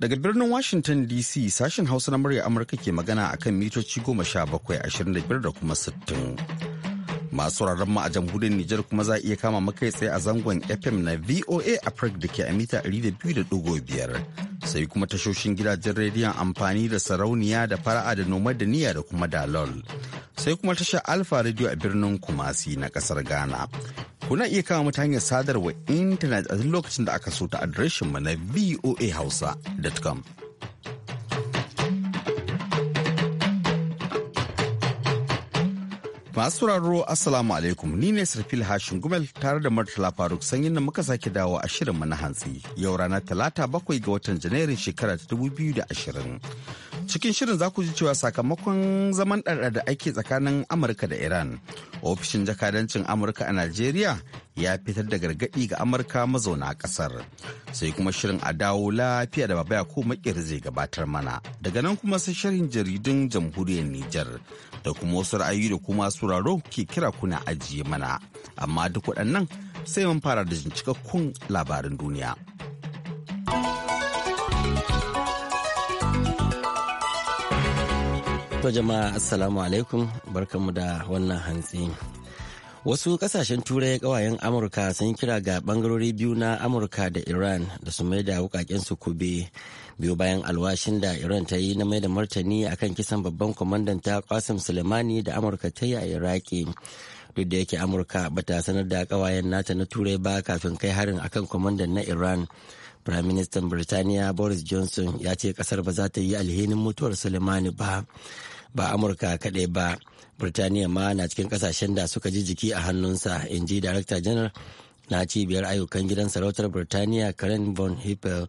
Daga birnin Washington DC sashen Hausa na murya Amurka ke magana a kan mitoci goma sha bakwai ashirin da da kuma sittin. Masu rarren mu a jamhuriyar Nijar kuma za a iya kama makai tsaye a zangon FM na VOA prague da ke a mita ɗari sai kuma tashoshin gidajen rediyon amfani da sarauniya da fara'a da noma da niyya da kuma dalol sai kuma tashar alfa radio a birnin kumasi na kasar ghana kuna iya kama mu ta hanyar sadarwa intanet a duk lokacin da aka so ta mu na voahausa.com Masu sauraro Assalamu alaikum ni ne Sarfil Hashin Gumel tare da Murtala Faruk sanyin da muka sake dawo a shirin mu na hantsi yau rana talata bakwai ga watan Janairun shekara ta 2020. cikin shirin za ku ji cewa sakamakon zaman ɗarɗa da ake tsakanin amurka da iran ofishin jakadancin amurka a najeriya ya fitar da gargaɗi ga amurka mazauna ƙasar sai kuma shirin a dawo lafiya da babaya ko makir zai gabatar mana daga nan kuma sai sharhin jaridun jamhuriyar nijar da kuma wasu ra'ayi da kuma suraro ke kira kuna ajiye mana amma duk waɗannan sai mun fara da cikakkun labarin duniya. To jama'a assalamu alaikum barkanmu da wannan hantsi. Wasu kasashen turai kawayen Amurka sun kira ga bangarori biyu na Amurka da Iran da su mai da wukaken su kube biyu bayan alwashin da Iran ta yi na mai da martani akan kisan babban kwamandan ta Qasim Soleimani da Amurka ta yi a Iraki. Duk da yake Amurka bata sanar da kawayen nata na turai ba kafin kai harin akan kwamandan na Iran. Prime Minister Birtaniya Boris Johnson ya ce kasar ba za ta yi alhinin mutuwar Soleimani ba, ba Amurka kaɗai ba. Birtaniya ma na cikin kasashen da suka ji jiki a hannunsa, in ji Director General na cibiyar ayyukan gidan sarautar Birtaniya Karen von Hippel.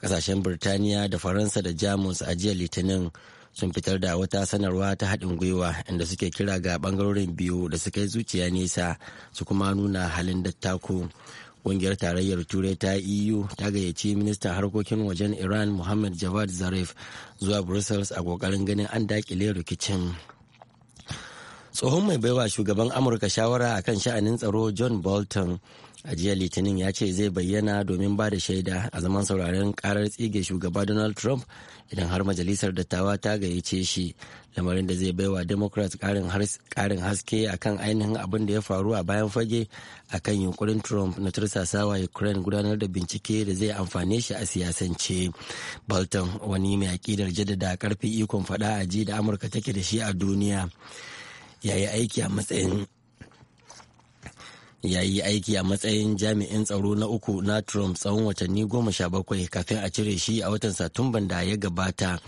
Kasashen Birtaniya da Faransa da Jamus a jiya Litinin sun fitar da wata sanarwa ta haɗin gwiwa inda suke kira ga ɓangarorin biyu da suka yi zuciya nesa su kuma nuna halin dattako. Ƙungiyar tarayyar Turai ta EU ta gayyaci ministan harkokin wajen Iran Muhammad Javad Zarif zuwa Brussels a ƙoƙarin ganin an dakile rikicin. Tsohon mai baiwa shugaban Amurka shawara akan sha'anin tsaro John Bolton a jiya litinin ya ce zai bayyana domin ba da shaida a zaman sauraren karar tsige shugaba donald trump idan har majalisar dattawa ta gayyace shi lamarin da zai baiwa democrats karin haske akan ainihin abin da ya faru a bayan fage akan yunkurin trump na tursasawa ukraine gudanar da bincike da zai amfane shi a siyasance bolton wani mai aƙidar jaddada karfi ikon faɗa a ji da amurka take da shi a duniya ya yi aiki a matsayin ya yi aiki a matsayin jami'in tsaro na uku na trump tsawon watanni goma sha bakwai kafin a cire shi a watan satumban da ya gabata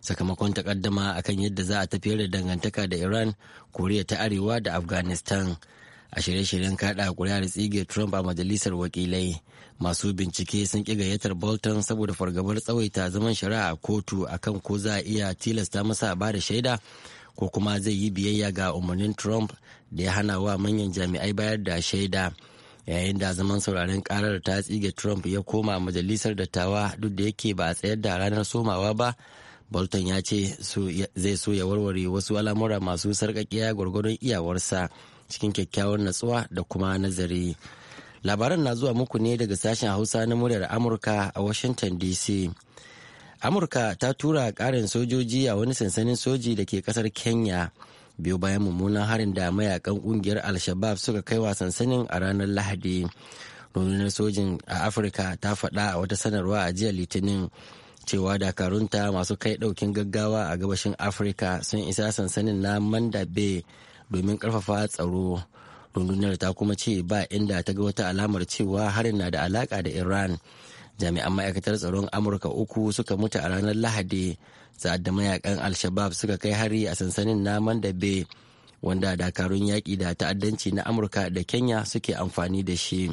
sakamakon takaddama a kan yadda za a tafiyar da dangantaka da iran koriya ta arewa da afghanistan a shirye-shiryen kada kuri'ar tsige trump a majalisar wakilai masu bincike sun ƙi gayyatar bolton saboda fargabar tsawaita zaman shari'a a kotu akan ko za a iya tilasta masa a bada shaida ko kuma zai yi biyayya ga umarnin trump da ya hana wa manyan jami'ai bayar da shaida yayin da zaman sauraren karar ta tsige trump ya koma majalisar dattawa duk da yake ba a tsayar da ranar somawa ba bolton ya ce zai so ya warware wasu al'amura masu sarƙaƙiya gwargwadon iyawarsa cikin kyakkyawar natsuwa da kuma nazari labaran na zuwa muku ne daga sashen hausa na muryar amurka a washington dc amurka ta tura ƙarin sojoji a wani sansanin soji da ke ƙasar kenya biyu bayan mummunan harin da mayakan ƙungiyar al shabaab suka kai wa sansanin a ranar lahadi rundunar sojin a afirka ta faɗa a wata sanarwa a jiya litinin cewa dakarunta masu kai ɗaukin gaggawa a gabashin afirka sun isa sansanin na manda bay domin ƙarfafa tsaro rundunar ta kuma ce ba inda ta ga wata alamar cewa harin na da alaƙa da iran jami'an ma'aikatar tsaron amurka uku suka mutu a ranar lahadi sa'ad da mayakan al-shabab suka kai hari a sansanin na mandabe wanda dakarun yaƙi da ta'addanci na amurka da kenya suke amfani da shi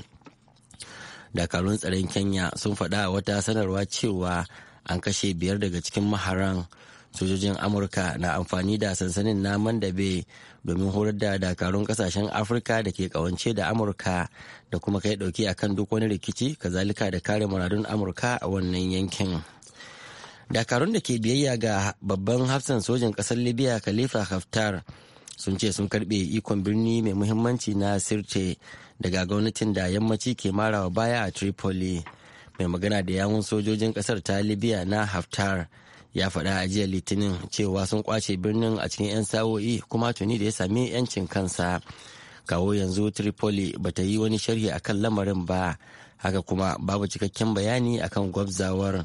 dakarun tsaron kenya sun faɗa a wata sanarwa cewa an kashe biyar daga cikin maharan sojojin amurka na amfani da sansanin na mandabe domin horar da dakarun kasashen afirka da ke kawance da amurka da kuma kai dauki akan duk wani rikici kazalika da kare muradun amurka a wannan yankin dakarun da ke biyayya ga babban hafsan sojin kasar libya khalifa haftar sun ce sun karbe ikon birni mai muhimmanci na sirte daga gwamnatin da yammaci ke marawa baya a tripoli mai magana da yawun sojojin kasar ta libya na haftar ya faɗa a jiya litinin cewa sun kwace birnin a cikin 'yan sa'o'i kuma tuni da ya sami 'yancin kansa kawo yanzu tripoli ba ta yi wani sharhi a kan lamarin ba haka kuma babu cikakken bayani a kan gwabzawar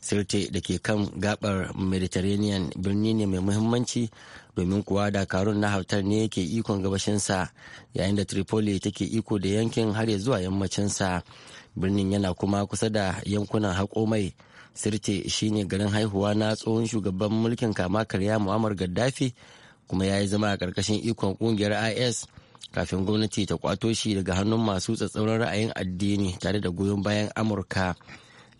sirte da ke kan gabar mediterranean birni ne mai muhimmanci domin kuwa dakarun na hautar ne yake ikon gabashinsa yayin da tripoli take iko da yankin har ya zuwa yammacinsa birnin yana kuma kusa da yankunan haƙo mai sirte shine garin haihuwa na tsohon shugaban mulkin kama karya muammar gaddafi kuma ya yi zama a ƙarƙashin ikon ƙungiyar is kafin gwamnati ta kwato shi daga hannun masu tsatsauran ra'ayin addini tare da goyon bayan amurka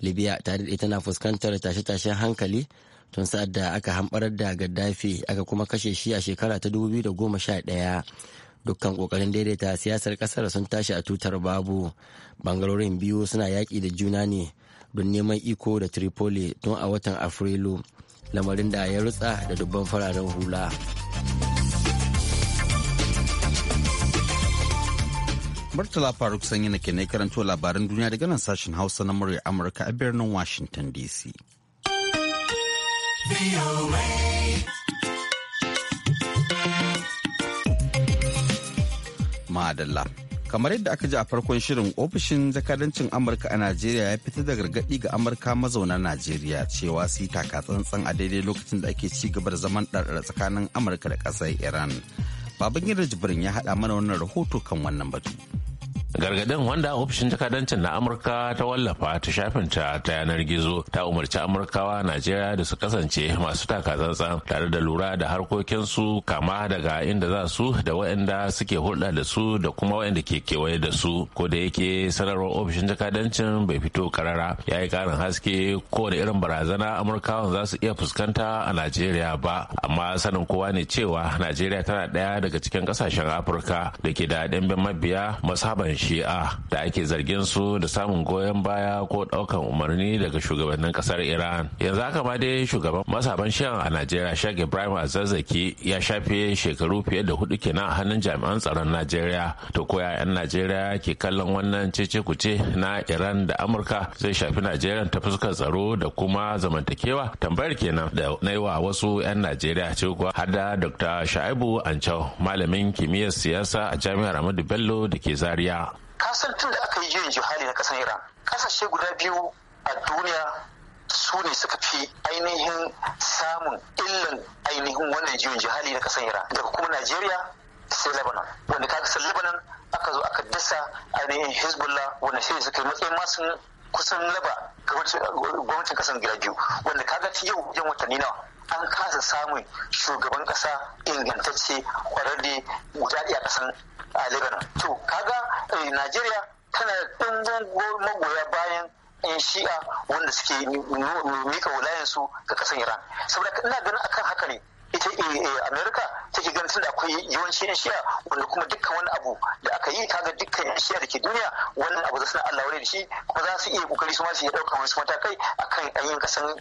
libya tare da ita fuskantar tashe-tashen hankali tun sa'ad da aka hambarar da gaddafi aka kuma kashe shi a shekara ta 2011 dukkan kokarin daidaita siyasar kasar sun tashi a tutar babu bangarorin biyu suna yaƙi da juna ne don neman iko da tripoli tun a watan afrilu lamarin da ya rutsa da dubban fararen hula Murtala Faruk sanyi na ne karanto labaran duniya daga nan sashen Hausa na murya Amurka a birnin Washington DC. ma'adalla kamar yadda aka ji a farkon shirin ofishin jakadancin amurka a najeriya ya fitar da gargaɗi ga amurka mazauna najeriya cewa su yi taka tsantsan a daidai lokacin da ake ci gaba da zaman ɗarɗar tsakanin amurka da ƙasar iran baban gida jibrin ya haɗa mana wannan rahoto kan wannan batu. gargadin wanda ofishin jakadancin na amurka ta wallafa ta shafinta ta yanar gizo ta umarci amurkawa najeriya da su kasance masu taka tsantsan, tare da lura da harkokinsu kama daga inda za su da waɗanda suke hulɗa da su da kuma waɗanda ke kewaye da su ko da yake sanarwar ofishin jakadancin bai fito karara ya yi karin haske ko da irin barazana Amurkawa za su iya fuskanta a najeriya ba amma sanin kowa ne cewa najeriya tana ɗaya daga cikin ƙasashen afirka da ke da ɗimbin mabiya masaban shi'a da ake zargin su da samun goyon baya ko daukan umarni daga shugabannin kasar iran yanzu haka ma dai shugaban masaban shan a najeriya shag ibrahim azazzaki ya shafe shekaru fiye da hudu kenan a hannun jami'an tsaron najeriya to koya 'yan najeriya ke kallon wannan cece kuce na iran da amurka zai shafi najeriya ta fuskar tsaro da kuma zamantakewa tambayar kenan da na yi wasu 'yan najeriya ce kuwa har da dr shaibu ancau malamin kimiyyar siyasa a jami'ar amadu bello da ke zaria kasan tun da aka yi juyin jihali na kasar iran kasashe guda biyu a duniya su ne suka fi ainihin samun illan ainihin wannan juyin jihali na kasan iran daga kuma najeriya sai lebanon wanda ka kasar lebanon aka zo aka dasa ainihin hezbollah wanda sai suka yi matsayin masu kusan laba gwamnatin kasan gida biyu wanda kaga yau yan watanni nawa an kasa samun shugaban kasa ingantacce kwararre guda a kasan a lebanon to kaga eh, najeriya tana ɗimbin magoya bayan yan shi'a wanda suke mika wulayensu ga kasan iran saboda ina ganin akan haka ne ita ta eh, eh, take ganin da akwai yawanci na shiya wanda kuma dukkan wani abu da aka yi kaga dukkan yan shiya da ke duniya wannan abu za su na allah da shi kuma za su iya kokari su ma su iya ɗaukar wasu matakai akan ɗanyen ƙasar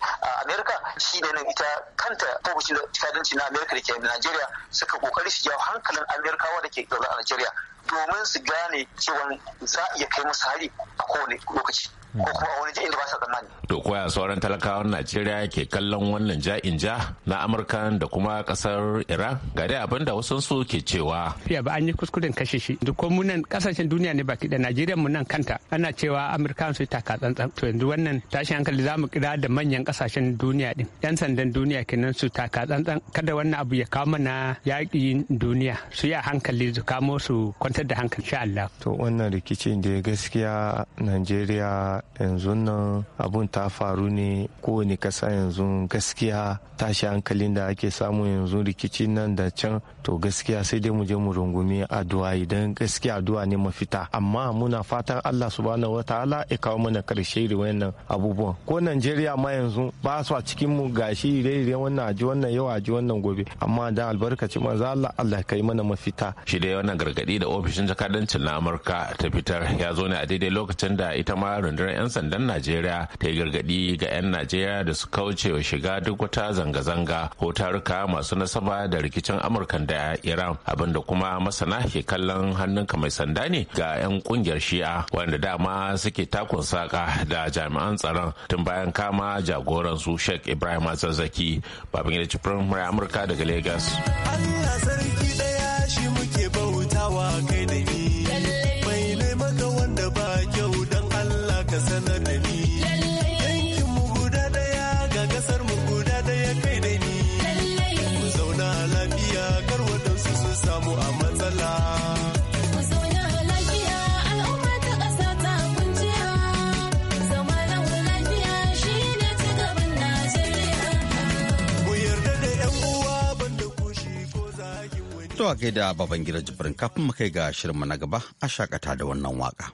Amerika shi ne nan ita kanta ofishin da na Amerika da ke najeriya suka kokari su jawo hankalin amerikawa da ke zaune a najeriya domin su gane cewa za a iya kai musu hari a kowane lokaci ko kuma a wani jin da ba sa tsammani. sauran talakawan Najeriya ke kallon wannan ja'in ja na Amurka da kuma kasar Iran ga dai abin da wasu su ke cewa. Fiya ba an yi kuskuren kashe shi duk ko munan kasashen duniya ne baki da Najeriya mu nan kanta ana cewa Amurka su taka tsantsan to yanzu wannan tashi hankali za mu kira da manyan kasashen duniya din yan sandan duniya kenan su taka tsantsan kada wannan abu ya kawo mana yaƙin duniya su yi a hankali su kamo su kwanta kwantar da hankali sha Allah. To wannan rikicin da gaskiya Najeriya yanzu nan abun ta faru ne kowane kasa yanzu gaskiya tashi hankalin da ake samu yanzu rikicin nan da can to gaskiya sai dai mu je mu rungumi addu'a idan gaskiya addu'a ne mafita amma muna fatan Allah subhanahu wataala ya kawo mana karshe da wannan abubuwan ko Najeriya ma yanzu ba su a cikin mu gashi ire-ire wannan aji wannan yau aji wannan gobe amma da albarkaci manzo Allah Allah kai mana mafita shi dai wannan gargadi da ofishin jakadancin na amurka ta fitar ya zo ne a daidai lokacin da ita ma rundunar 'yan sandan najeriya ta yi gargadi ga 'yan najeriya da su kauce wa shiga duk wata zanga-zanga ko taruka masu nasaba da rikicin amurkan da iran abinda kuma masana ke kallon hannunka mai sanda ne ga 'yan kungiyar shi'a wanda dama suke takun saka da jami'an tsaron tun bayan kama jagoran su sheikh ibrahim babin babangida cikin amurka daga lagos zuwa da gaida babangida jibrin kafin mu kai ga shirinmu na gaba a shakata da wannan waka.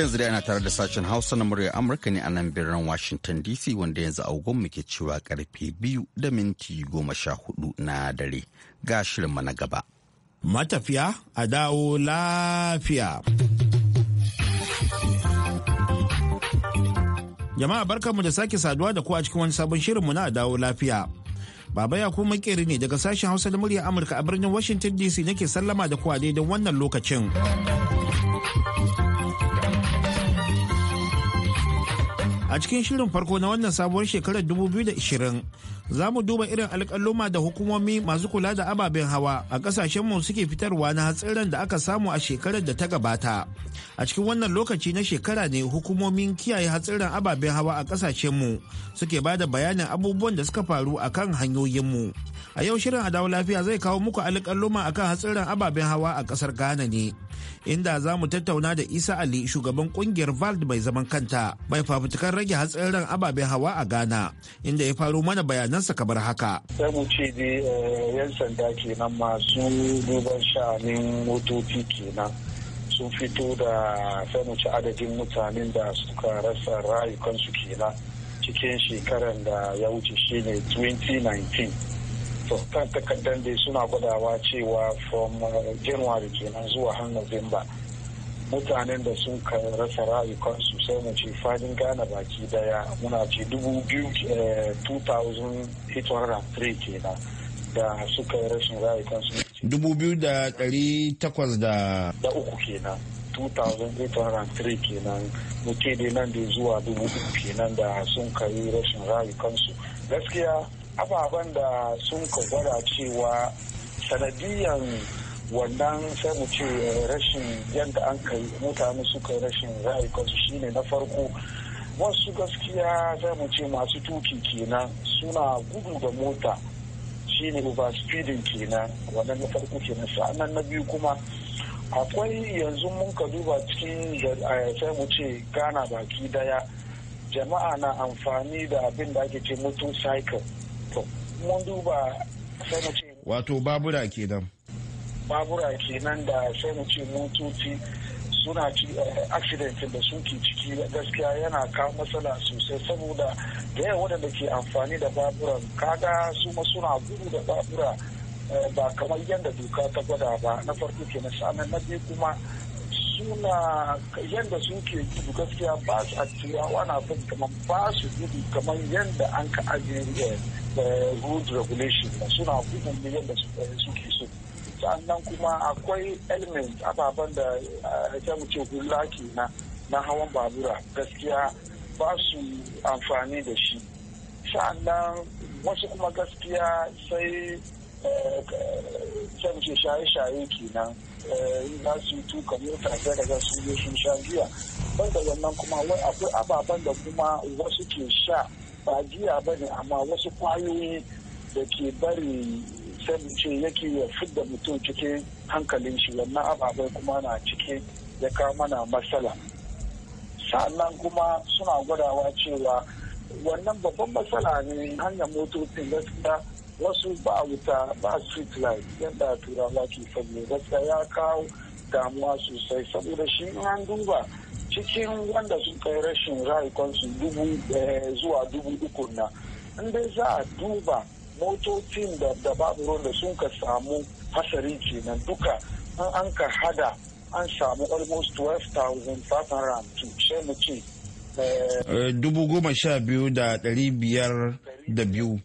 yanzu dai ana tare da sashen Hausa na murya Amurka ne a nan birnin Washington DC wanda yanzu agogon muke cewa karfe biyu da minti goma sha hudu na dare. Ga shirinmu na gaba. Matafiya a dawo lafiya. Jama'a barkanmu da sake saduwa da ku a cikin wani sabon shirin mu na dawo lafiya. Baba ya kuma makeri ne daga sashen Hausa na murya Amurka a birnin Washington DC nake sallama da ku a daidai wannan lokacin. a cikin shirin farko na wannan sabuwar shekarar 2020 za mu duba irin alƙaluma da hukumomi masu kula da ababen hawa a ƙasashenmu suke fitarwa na hatsiran da aka samu a shekarar da ta gabata. A cikin wannan lokaci na shekara ne hukumomin kiyaye hatsiran ababen hawa a ƙasashenmu suke ba da bayanin abubuwan da suka faru a kan hanyoyinmu. A yau shirin Adawo Lafiya zai kawo muku alƙaluma akan hatsiran ababen hawa a ƙasar Ghana ne. Inda za mu tattauna da Isa Ali shugaban kungiyar VALD mai zaman kanta mai fafutukar rage hatsiran ababen hawa a Ghana inda ya faro mana bayanan bayanansa kamar haka. Sai mu ce dai eh, yan sanda kenan masu duban sha'anin motoci kenan sun fito da sai mu ci adadin mutanen da suka rasa rayukansu kenan cikin shekaran da ya wuce shi ne 2019. kan takardar dai suna gwadawa cewa from eh, january kenan zuwa har november mutanen da sun rasa rayukansu sai mu ce fadin gana baki daya muna ce dubu biyu 2,803 eh, kenan da suka yi rashin rayukansu. Dubu biyu da ɗari takwas da... Da uku kenan. 2,803 kenan muke dai nan da zuwa dubu uku kenan da sun kai rashin rayukansu. Gaskiya ababen da sun ka gwada cewa sanadiyan wannan sai mu ce eh, rashin yadda an kai mutane suka rashin rayukansu shine na farko wasu gaskiya sai mu ce masu tuki kenan suna gudu da mota shine overspeeding kenan wannan na farko kenan sa'annan na biyu kuma akwai yanzu mun ka duba cikin eh, sai mu ce gana baki daya jama'a na amfani da abin da ake ce motorcycle to mun duba sai mu ce wato babura kenan babura kenan da sai mu ce motoci suna ci eh, accident da suke ciki gaskiya yana kawo matsala sosai saboda da yawa wadanda ke amfani da babura kaga su ma suna gudu da babura eh, ba kamar yadda doka ta gwada ba na farko na sa'anan na biyu kuma suna yadda suke gudu gaskiya ba su a turawa na bin kamar ba su gudu kamar yadda an ka ajiye eh, road regulation suna gudun yadda suke so sannan kuma akwai element ababen da ya eh, ce hula kenan na hawan babura gaskiya ba su amfani da shi sannan wasu kuma gaskiya sai eh, ce shaye-shaye kenan eh, za su yi tuka mota sai daga su yi sun sha giya banda wannan kuma wai akwai ababen da kuma wasu ke sha ba jiya ba ne amma wasu kwayoyi da ke bari ce yake ya fidda mutum cikin hankalin shi wannan ababai kuma na cike ya kawo mana matsala sa'annan kuma suna gwadawa cewa wannan babban matsala ne hanyar motocin gaskiya wasu ba wuta ba street light yadda turawa ke sanya gaskiya ya kawo damuwa sosai saboda shi an duba cikin wanda sun kai rashin rayukansu dubu eh, zuwa dubu uku na in dai za a duba motocin da babu ruwan da sun ka samu hasari kenan duka an an ka hada an samu almost 12,500 sai mu ce eh, eh, dubu goma sha biyu da ɗari biyar da biyu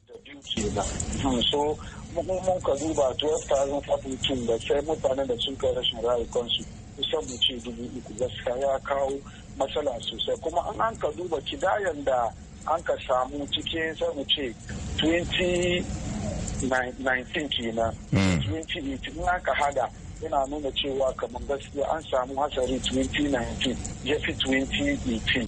hmm, so mun ka duba 12,500 da sai mutanen da sun kai rashin rayukansu kusan mu ce dubu uku gaskiya ya kawo matsala sosai kuma an an ka duba kidayan da an ka samu cikin sai mu ce 2019 kenan 2018 an ka hada yana nuna cewa kamar gaskiya an samu hasari 2019 ya fi 2018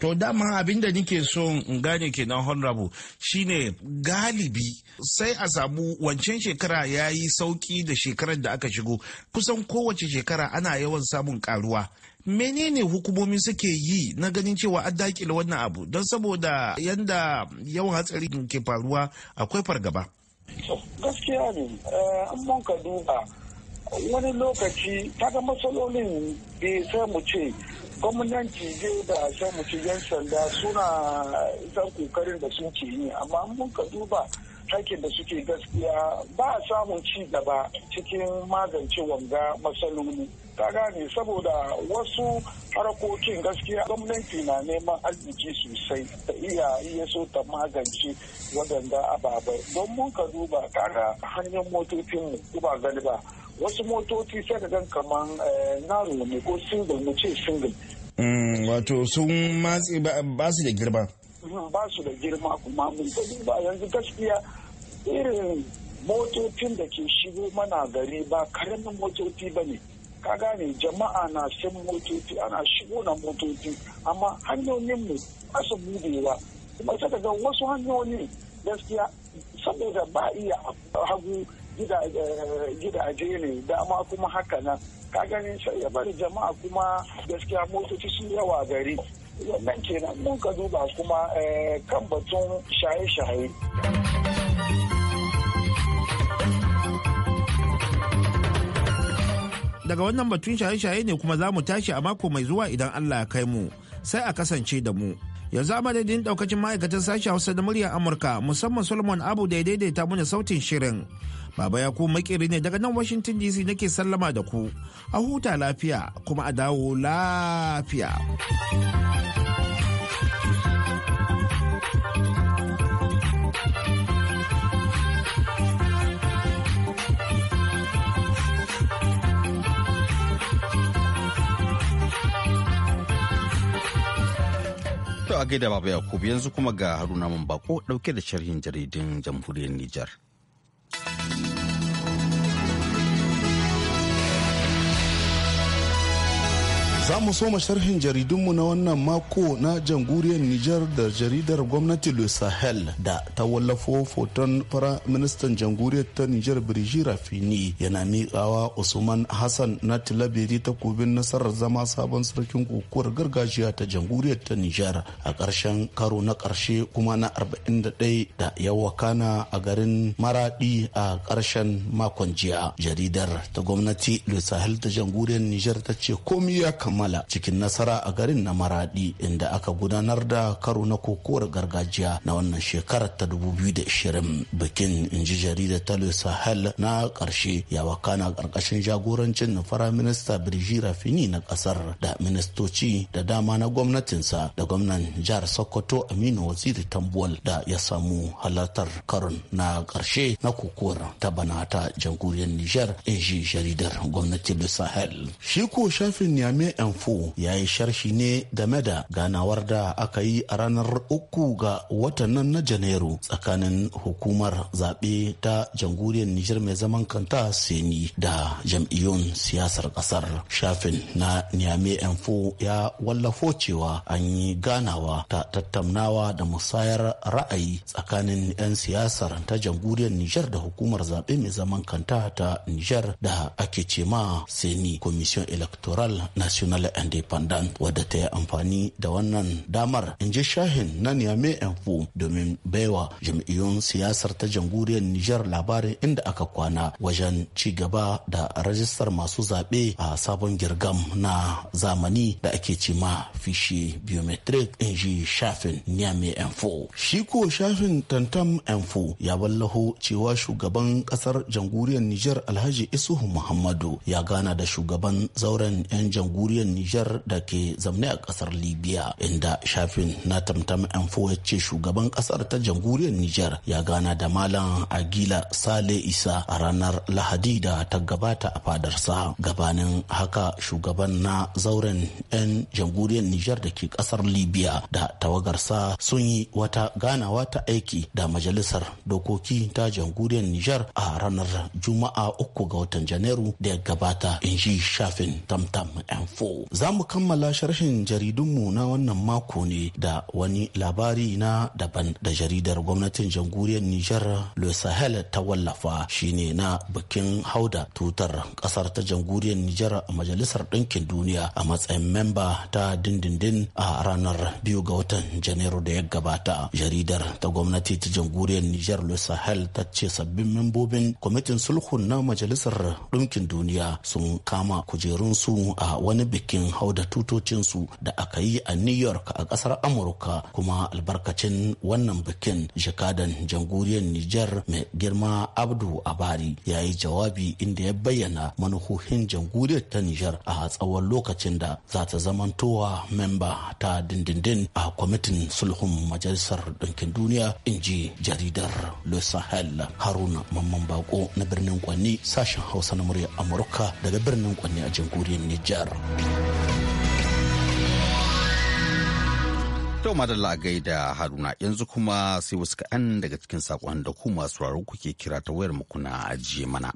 To dama abin da nike so in gane kenan honorable shine galibi sai a samu wancan shekara ya yi sauki da shekarar da aka shigo kusan kowace shekara ana yawan samun karuwa menene hukumomi suke yi na ganin cewa an dakile wannan abu don saboda yanda yawan hatsari ke faruwa akwai fargaba gaskiya ne an eh, mun ka duba wani lokaci ta ga matsalolin da sai mu ce gwamnati zai da sai mu ce yan sanda suna zan kokarin da suke yi amma mun ka duba hakin da suke gaskiya ba a samun ci gaba cikin magance wanga matsaloli ta gane saboda wasu harkokin gaskiya gwamnati na neman arziki sosai ta iya iya so ta magance waɗanda ababai don mun ka duba kaga hanyar mu kuma galiba wasu motoci sai da gan kaman eh, naro ne ko single mu ce single mm, wato sun matsi ba su da girma mm, ba su da girma kuma mun ka duba yanzu gaskiya irin motocin da ke shigo mana gari ba karamin motoci ba ne ka gane jama'a na san motoci ana shigo na motoci amma hanyoyin mu ba su bude ba kuma sai daga wasu hanyoyin gaskiya saboda ba iya hagu eh, gidaje ne dama kuma haka nan ka gani sai ya bari jama'a kuma gaskiya motoci sun yawa gari wannan kenan mun ka duba kuma eh, kan batun shaye-shaye. daga wannan batun shaye-shaye ne kuma za mu tashi a mako mai zuwa idan Allah ya kai mu sai a kasance da mu yanzu a madadin daukacin ma'aikatan sashen hausa da muryar amurka musamman solomon abu da ya daidaita mana sautin shirin baba ya ku makiri ne daga nan washington dc nake sallama da ku a huta lafiya kuma a dawo lafiya a gaida baba Yakubu yanzu kuma ga Haruna mun Mambako dauke da sharhin jaridin jamhuriyar Nijar. Za mu so sharhin jaridunmu na wannan mako na jamhuriyar Nijar da jaridar gwamnati Louis Sahel da ta wallafo foton fara ministan jamhuriyar ta Nijar Birji Rafini yana miƙawa Usman Hassan na Tilabiri ta kubin nasarar zama sabon sarkin kukuwar gargajiya ta jamhuriyar ta Nijar a ƙarshen karo na ƙarshe kuma na 41 da ya wakana a garin Maradi a ƙarshen makon jiya. Jaridar ta gwamnati Louis Sahel ta jamhuriyar Nijar ta ce komi ya kama kammala cikin nasara a garin na maradi inda aka gudanar da karo na kokowar gargajiya na wannan shekarar ta 2020 bikin Inji ji jaridar talo sahel na karshe ya wakana karkashin jagorancin fara Minista birjira fini na kasar da ministoci da dama na gwamnatinsa da gwamnan jihar sokoto aminu waziri tambuwal da ya samu halartar karon na karshe na kokowar ta bana ta jamhuriyar nijar Inji jaridar gwamnatin sahel shi ko shafin niamey Fu ya yi sharshi ne game da ganawar da aka yi a ranar uku ga watan nan na Janairu tsakanin hukumar zaɓe ta jamhuriyar Nijar mai zaman kanta Seni da jam'iyyun siyasar ƙasar. Shafin na Yan Fu ya wallafo cewa an yi ganawa ta tattaunawa da musayar ra'ayi tsakanin 'yan siyasar ta jamhuriyar Nijar da hukumar zaɓe mai zaman kanta ta Nijar da ake ce ma Seni Commission Electoral National National Independent wadda ta yi amfani da wannan damar in ji shahin na Niamey Enfu domin baiwa jam'iyyun siyasar ta jamhuriyar Nijar labarin inda aka kwana wajen ci gaba da rajistar masu zaɓe a sabon girgam na zamani da ake ci ma fishe biometric in ji shafin Niamey Enfu. Shi ko shafin Tantam Enfu ya wallaho cewa shugaban kasar jamhuriyar Nijar Alhaji Isuhu Muhammadu ya gana da shugaban zauren 'yan jamhuriyar jamhuriyar Nijar da ke zamne a kasar Libya inda shafin na tamtam info ya ce shugaban kasar ta jamhuriyar Nijar ya gana da Malam Agila Sale Isa a ranar Lahadi da ta gabata a fadarsa. Gabanin haka shugaban na zauren 'yan jamhuriyar Nijar da ke kasar Libya da tawagarsa sun yi wata ganawa ta aiki da majalisar dokoki ta jamhuriyar Nijar a ranar Juma'a uku ga watan Janairu da ya gabata in ji shafin tamtam info. Za mu kammala sharhin jaridunmu na wannan mako ne da wani labari na daban da jaridar gwamnatin jamhuriyar Nijar Le Sahel ta wallafa shine na bikin hauda tutar kasar ta jamhuriyar Nijar a Majalisar Dinkin Duniya a matsayin memba ta dindindin a ranar biyu ga watan Janairu da ya gabata. Jaridar ta gwamnati ta jamhuriyar Nijar Le Sahel ta ce sabbin membobin kwamitin sulhun na Majalisar Dinkin Duniya sun kama kujerunsu a wani bikin hauda tutocinsu da aka yi a New York a kasar Amurka kuma albarkacin wannan bikin jakadan jamhuriyar Nijar mai girma Abdu Abari ya yi jawabi inda ya bayyana manuhohin jamhuriyar ta Nijar a tsawon lokacin da za ta zamantowa memba ta dindindin a kwamitin sulhun majalisar ɗinkin duniya in ji jaridar Le Sahel Haruna Mamman Bako na birnin Kwanni sashen Hausa na murya Amurka daga birnin Kwanni a jamhuriyar Nijar. To madalla gaida Haruna yanzu kuma sai wasu kaɗan daga cikin saƙon da ku masu raro kuke kira ta wayar na ajiye mana.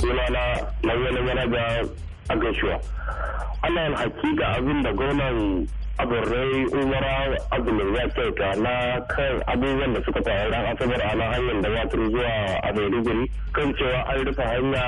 Sunana na yana ga a gaishuwa. yin haƙiƙa abin da gwamnan aburrai umara azumin ya kyauta na kan abubuwan da suka faru ran asabar ana hanyar da turu zuwa a maiduguri kan cewa an rufe hanya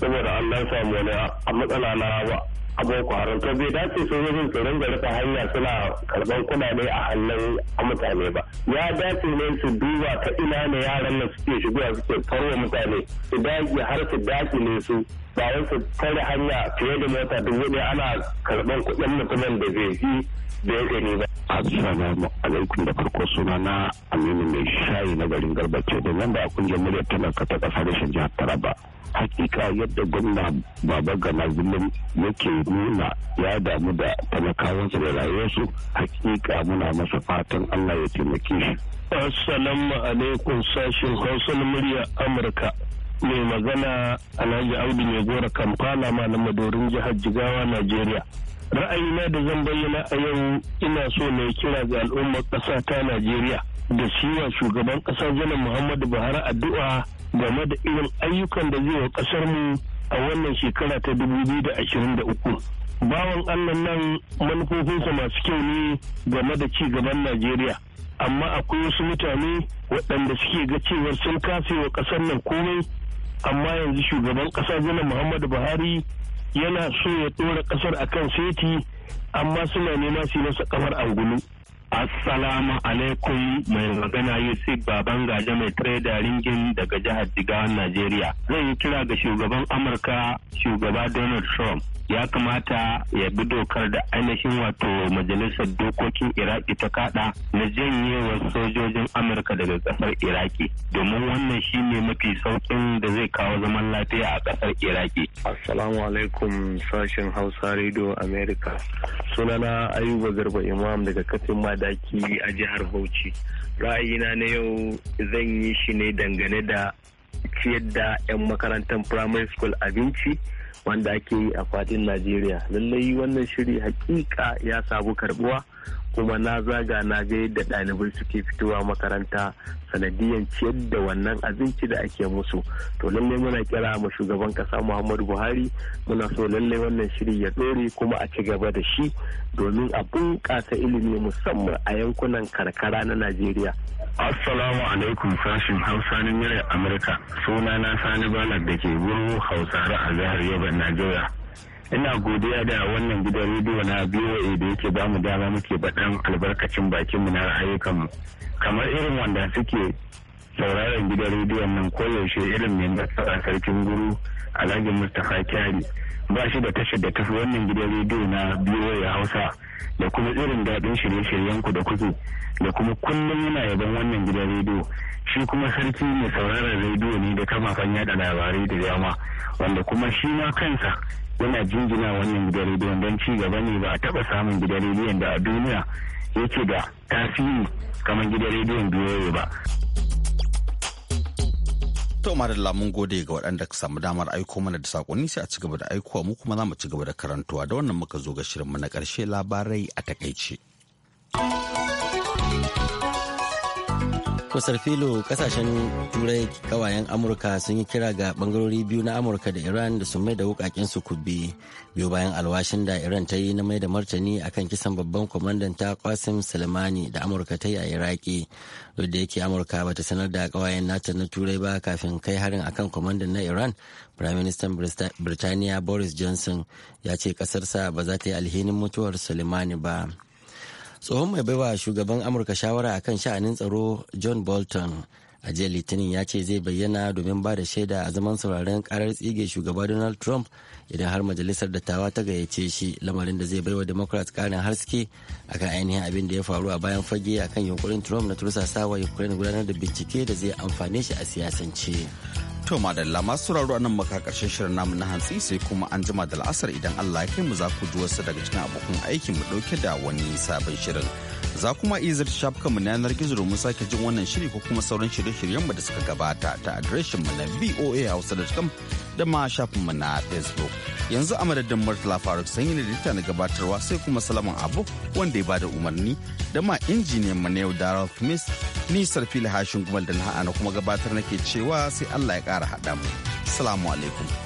saboda an nan samu wani a matsala na ba a boko haram to bai dace sojojin su ringa rufe hanya suna karban kuɗaɗe a hannun mutane ba ya dace ne su duba ta ina ne yaran nan suke shigowa suke farwa mutane su dage har su dace ne su ba su tare hanya fiye da mota dubu ɗaya ana karban kuɗin mutumin da zai ji da ni ba. Assalamu alaikum da farko suna na Aminu mai shayi na garin garba ce da nan da kungiyar muryar talaka ta kasa shan jihar Taraba. Hakika yadda gwamna Baba Gana Zulum yake nuna ya damu da talakawansu da rayuwarsu hakika muna masa fatan Allah ya taimake shi. Assalamu alaikum sashen Hausa murya muryar Amurka. mai magana alhaji audu mai gora kampala malamadorin madorin jihar jigawa najeriya ra'ayina da zan bayyana a yau ina so na kira ga al'ummar ƙasa ta najeriya da shiwa shugaban ƙasa janar muhammadu buhari addu'a game da irin ayyukan da zai wa ƙasar mu a wannan shekara ta da uku. bawan allah nan manufofinsa masu kyau ne game da ci gaban najeriya amma akwai wasu mutane waɗanda suke ga cewar sun kasewa ƙasar nan komai amma yanzu shugaban ƙasa janar muhammadu buhari yana so ya ɗora ƙasar akan seti amma suna nema su masa kamar angulu Assalamu alaikum mai magana Yusuf Baban Gaja mai Trader Ringin daga jihar Jigawa Najeriya. Zan yi kira ga shugaban Amurka shugaba Donald Trump. Ya kamata ya bi dokar da ainihin wato majalisar dokokin Iraki ta kada na wa sojojin Amurka daga kasar Iraki. Domin wannan shi ne mafi saukin da zai kawo zaman lafiya a kasar Iraki. Assalamu alaikum sashen Hausa Radio America. Sunana Ayuba Garba Imam daga Katin Mada Madaki a jihar Bauchi. Ra'ayina na yau zan yi shi ne dangane da ciyar da 'yan makarantar primary school abinci wanda ake yi a fadin Najeriya. Lallai wannan shiri hakika ya sabu karbuwa. kuma na zaga na ga yadda ɗalibai suke fitowa makaranta sanadiyan ciyar da wannan abinci da ake musu to lallai muna kira ma shugaban kasa muhammadu buhari muna so lallai wannan shiri ya ɗore kuma a ci gaba da shi domin a bunƙasa ilimi musamman a yankunan karkara na najeriya assalamu alaikum sashin hausa na muryar amurka suna na sani balak da ke guru hausa a jihar yobe najeriya ina godiya da wannan gidan rediyo na biyo da yake ba mu dama muke baɗan albarkacin bakin mu na mu kamar irin wanda suke sauraron gidan rediyon nan koyaushe irin mai matsala sarkin guru alhaji mustapha kyari ba shi da tashar da tafi wannan gidan rediyo na ya hausa da kuma irin daɗin shirye-shiryen ku da kuke da kuma kullum yana yaban wannan gidan rediyo shi kuma sarki mai sauraron rediyo ne da kamafan yada labarai da dama wanda kuma shi ma kansa yana jinjina wannan gidan rediyon don ci gaba ne ba a taɓa samun gidan rediyon da a duniya yake da tasiri kamar gidan rediyon biyoyi ba. To Madalla lamun gode ga waɗanda ka samu damar aiko mana da sakonni sai a ci gaba da aikowa mu kuma za mu ci gaba da karantuwa da wannan muka zo ga shirinmu na ƙarshe labarai a takaice. Tosar filo kasashen turai kawayen Amurka sun yi kira ga bangarori biyu na Amurka da Iran da su mai da wukakin su kubi biyu bayan alwashin da Iran ta yi na mai da martani akan kisan babban kwamandan ta Qasim Soleimani da Amurka ta yi a Iraki. Duk da yake Amurka bata sanar da kawayen nata na turai ba kafin kai harin akan kwamandan na Iran, Firaministan Birtaniya Boris Johnson ya ce kasarsa ba za ta yi alhinin mutuwar Soleimani ba. tsohon mai baiwa shugaban amurka shawara a kan sha'anin tsaro john bolton a jiya litinin ya ce zai bayyana domin ba da shaida a zaman sauraren karar tsige shugaba donald trump idan har majalisar dattawa ta gayyace shi lamarin da zai baiwa democrats karin harske akan ainihin abin da ya faru a bayan fage akan yunkurin trump na sawa ukraine gudanar da bincike da zai amfane shi a siyasance To madalla masu sauraro nan maka karshen shirin namu na hantsi sai kuma an jima da la'asar idan Allah ya kai mu za ku ji wasu daga cikin abokan aiki mu dauke da wani sabon shirin. Za kuma iya zarta shafukanmu na yanar gizo domin sake jin wannan shiri ko kuma sauran shirye-shiryenmu da suka gabata ta mu na voa hausa da ma shafinmu na Facebook. Yanzu a madadin Murtala Faruk sanyi da dita na gabatarwa sai kuma Salaman Abu wanda ya bada umarni da ma injiniyan mu na yau ralph Smith ni Sarfili Hashin Gumal da na kuma gabatar nake cewa sai Allah ya kara haɗa mu. Salamu alaikum.